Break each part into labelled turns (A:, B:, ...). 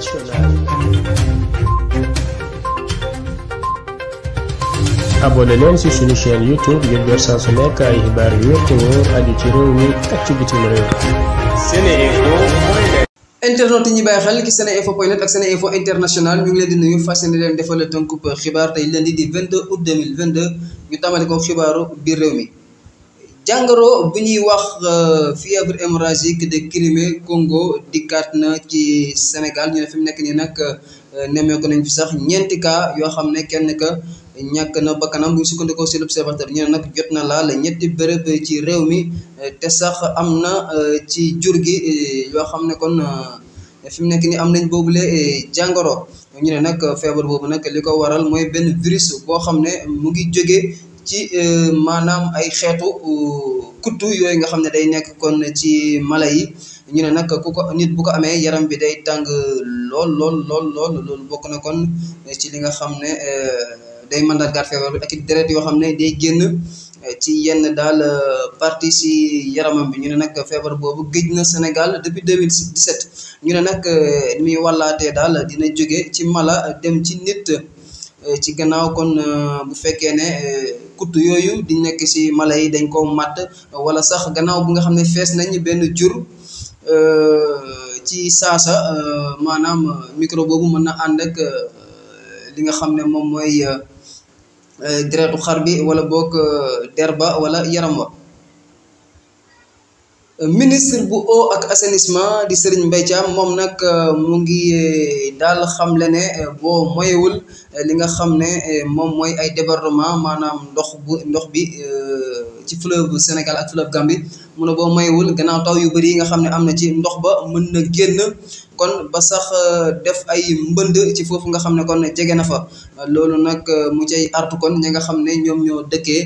A: internationale. abonné leen ci suñu chaîne youtube ngir jot saa su xibaar yu wér te wóor aju ci réew mi ak ci bitim réew. internet yi ñuy bàyyi xel ci seneinfo point net ak seneinfo international ñu ngi leen di nuyu fas yéene leen defal tënkub xibaar tey lundi di 22 août 2022 ñu tamale ko xibaaru biir réew mi. jàngoro bu ñuy wax euh, fièvre hémorragique de Crimée kongo dikkaat na ci Sénégal ñu ne fi mu nekk nii nag euh, nemmeeku nañ fi sax ñeenti cas yoo xam ne kenn ka ñàkk na bakkanam bu ñu sukkandikoo si l'observateur ñu ne nag jot na laal ñetti béréb ci réew mi euh, te sax am na ci jur gi yoo xam ne kon fi mu nekk nii am nañ boobule jàngoro ñu ne nag feebar boobu nag li ko waral mooy benn virus boo xam ne mu ngi jógee. ci euh, maanaam ay xeetu euh, kuttu yooyu nga xam ne day nekk kon ci mala yi ñu ne nag ku ko nit bu ko amee yaram bi day tàng lool lool lool lool bokk na kon ci li nga xam ne euh, day mandargaat feebar bi ak it yoo xam ne day génn ci yenn daal partie si yaramam bi ñu ne nag feebar boobu géej na Sénégal depuis 2017 ñu ne nag mi wàllaatee daal dina jóge ci mala dem ci nit ci gannaaw kon bu fekkee ne kutt yooyu di nekk ci mala yi dañ koo matt wala sax gannaaw bi nga xam ne fees nañ benn jur euh, ci saasa euh, maanaam micro boobu mën na ànd ak euh, li nga xam ne moom mooy deretu xar bi wala boog der ba wala yaram wa ministre bu eau ak assainissement di Serigne Mbaye moom nag euh, mu ngi euh, daal xamle ne euh, boo moyewul li nga xam ne moom mooy ay débordement maanaam ndox bu ndox bi ci fleuve Sénégal ak fleuve Gambie mun ne boo moyewul gannaaw taw yu bëri yi nga xam ne am na ci ndox ba mën na génn kon ba sax euh, def ay mbënd ci foofu nga xam ne kon jege na fa loolu nag euh, mu cay artu kon ñi nga xam ne ñoom ñoo dëkkee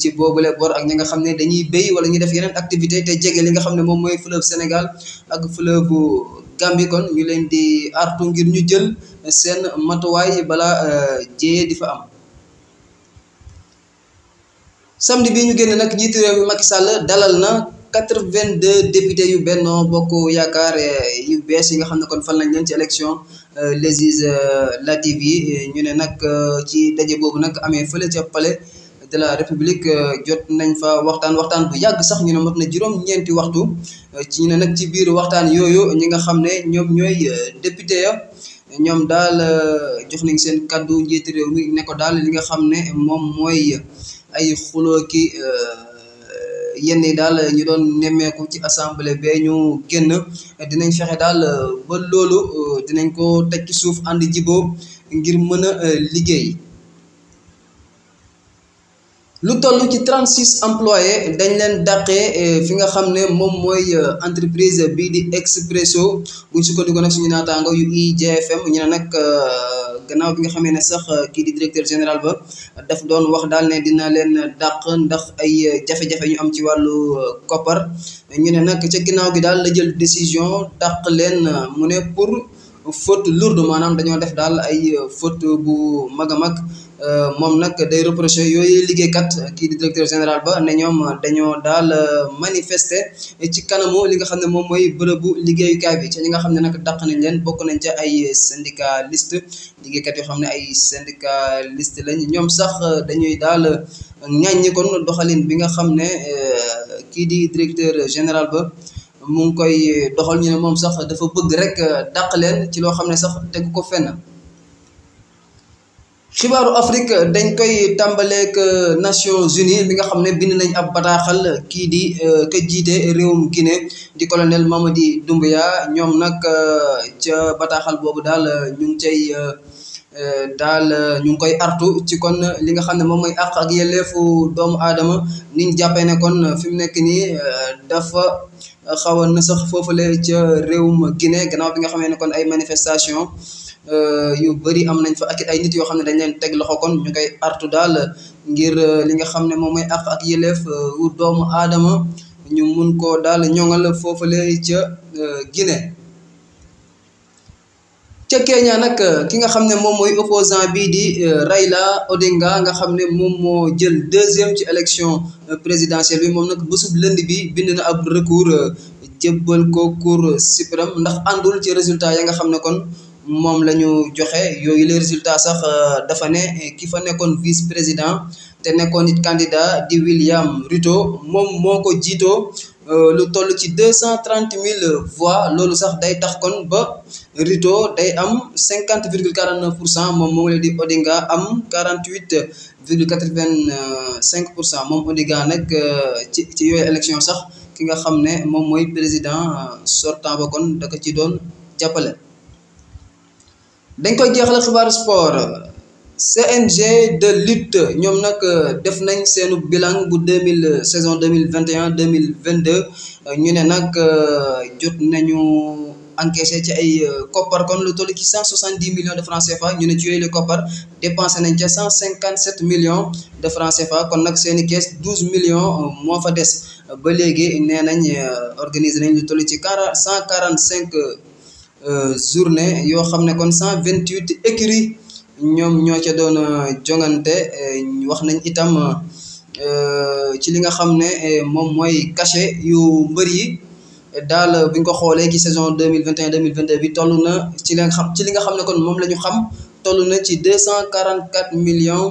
A: ci boobule bor ak ñi nga xam ne dañuy béy wala ñu def yeneen activité te jege li nga xam ne moom mooy fleuve Sénégal ak fleuve Gambie kon ñu leen di artu ngir ñu jël seen matuwaay bala euh, jéye di fa am samedi bi ñu génn nag njiitu réew mi Macky dalal na vingt deux députés yu Benno Bokk Yaakaar eh, yu bees yi nga xam ne kon fan lañ leen ci élection eh, législative eh, yi ñu ne nag ci daje boobu nag amee fale ca palais de la république jot nañ fa waxtaan waxtaan bu yàgg sax ñu ne mot na juróom-ñeenti waxtu ci ne nag ci biir waxtaan yooyu ñi nga xam ne ñoom ñooy député ya ñoom daal jox nañ seen kàddu njiitu réew mi ne ko daal li nga xam ne moom mooy ay xuloo yenn yi daal ñu doon nemmeeku ci assemblée bee ñu génn dinañ fexe daal ba loolu dinañ ko teg ci suuf ànd jiboo ngir mën euh, liggéey lu toll ci trent six employés dañ leen dàqee euh, fi nga xam ne moom mooy euh, entreprise bii di Expresso buñ sukkandiku na suñu naataango yu IGFM ñu ne nag gannaaw bi nga xamee ne sax euh, kii di directeur général ba def doon wax daal ne dina leen dàq ndax ay euh, jafe-jafe ñu am ci wàllu euh, koppar ñu ne nag ca ginnaaw gi daal la jël décision dàq leen mu ne pour faute lourde maanaam dañoo def daal ay faute bu mag a mag Euh, moom nag day reproché yooyu liggéeykat kii di directeur général ba ne ñoom dañoo daal euh, manifester ci kanamu li nga xam ne moom mooy bërëbu liggéeyukaay bi ci ñi nga xam ne nag dàq nañ leen bokk nañ ca ay list syndicaliste liggéeykat yoo xam ne ay syndicaliste lañ ñoom sax euh, dañuy daal ŋàññi kon doxalin bi nga xam ne kii di directeur général ba mu ngi koy doxal ñu ne moom sax dafa bëgg rek dàq leen ci loo xam ne sax tegu ko fenn. xibaaru Afrique dañ koy tàmbaleeg euh, Nations Unies bi nga xam ne bind nañ ab bataaxal kii di euh, ka jiite réewum Guinée di di Mamadi Doumbouya ñoom nag euh, ca bataaxal boobu daal ñu ngi cay daal ñu ngi koy artu ci kon li nga xam ne moom mooy àq ak yelleefu doomu aadama ni jàppee ne kon fi mu nekk nii dafa xaw a na sax foofule ca réewum Guinée gannaaw bi nga xamee ne kon ay manifestation Euh, yu bëri am nañ fa ak ay nit yoo xam ne dañ leen teg loxo kon ñu koy artu daal ngir euh, li nga xam ne moom mooy àq ak yëleef euh, wu doomu aadama ñu mun ko daal ñoŋal foofale ca Guinée. ca Kenya nag ki nga xam ne moom mooy opposant bii di Raila Odinga nga xam ne moom moo jël deuxième ci élection présidentielle bi moom nag bésub lënd bi bind na ab recours jébbal ko cour suprême ndax àndul ci résultat ya nga xam ne kon. moom la ñu joxe yooyu les résultat sax euh, dafa ne eh, ki fa nekkoon vice président te nekkoon it candidat di William Ruto moom moo ko jiitoo euh, lu toll ci deux cent trente mille voix loolu sax day tax kon ba Ruto day am cinquante virgule quarante pour cent moom moom la di Odinga am quarante huit virgule quatre vingt cinq pour cent moom Odinga nag euh, ci ci yooyu élection sax ki nga xam ne moom mooy président sortant ba kon da ko ci doon jàppale. dañ koy jeexal xibaar sport CNG de lutte ñoom nag euh, def nañ seenu bilan bu deux mille euh, saison deux mille vingt et un deux mille vingt deux euh, ñu ne nag jot nañu encaissé ci ay koppar kon lu toll ci cent soixante dix millions de francs CFA ñu ne ci yooyu la koppar dépensé nañ ca cent cinquante sept millions de francs CFA kon nag seeni kees douze millions moo fa des ba léegi nee nañ organiser nañ lu toll ci quarante cent quarante cinq Euh, journée yoo xam ne kon cent vingt huit écuries ñoom ñoo ca doon euh, jongante euh, wax nañ itam ci li nga xam ne moom mooy cachet yu mbër yi daal bu ko xoolee ci saison deux mille vingt et un deux bi toll na ci li xam ci li xam ne kon moom la xam toll na ci deux cent quarante quatre million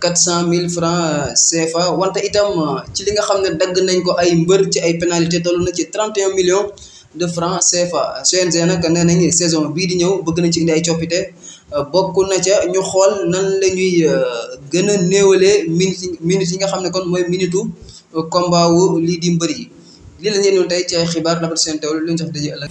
A: quatre cent mille francs CFA wante itam ci li nga xam ne dagg nañ ko ay mbër ci ay pénalité toll na ci trente et un millions. de franc CFA CNG nag nee nañu saison bii di ñëw bëgg nañ ci indi ay coppite euh, bokk na ca ñu xool nan lañuy ñuy euh, gën a néewalee minute minutes yi nga xam ne kon mooy minutu euh, combat wu lii di mbër yi lii la ñuy nuyu tey ci xibaar dafa seen teewlu lu ñu jox daje ëllëg.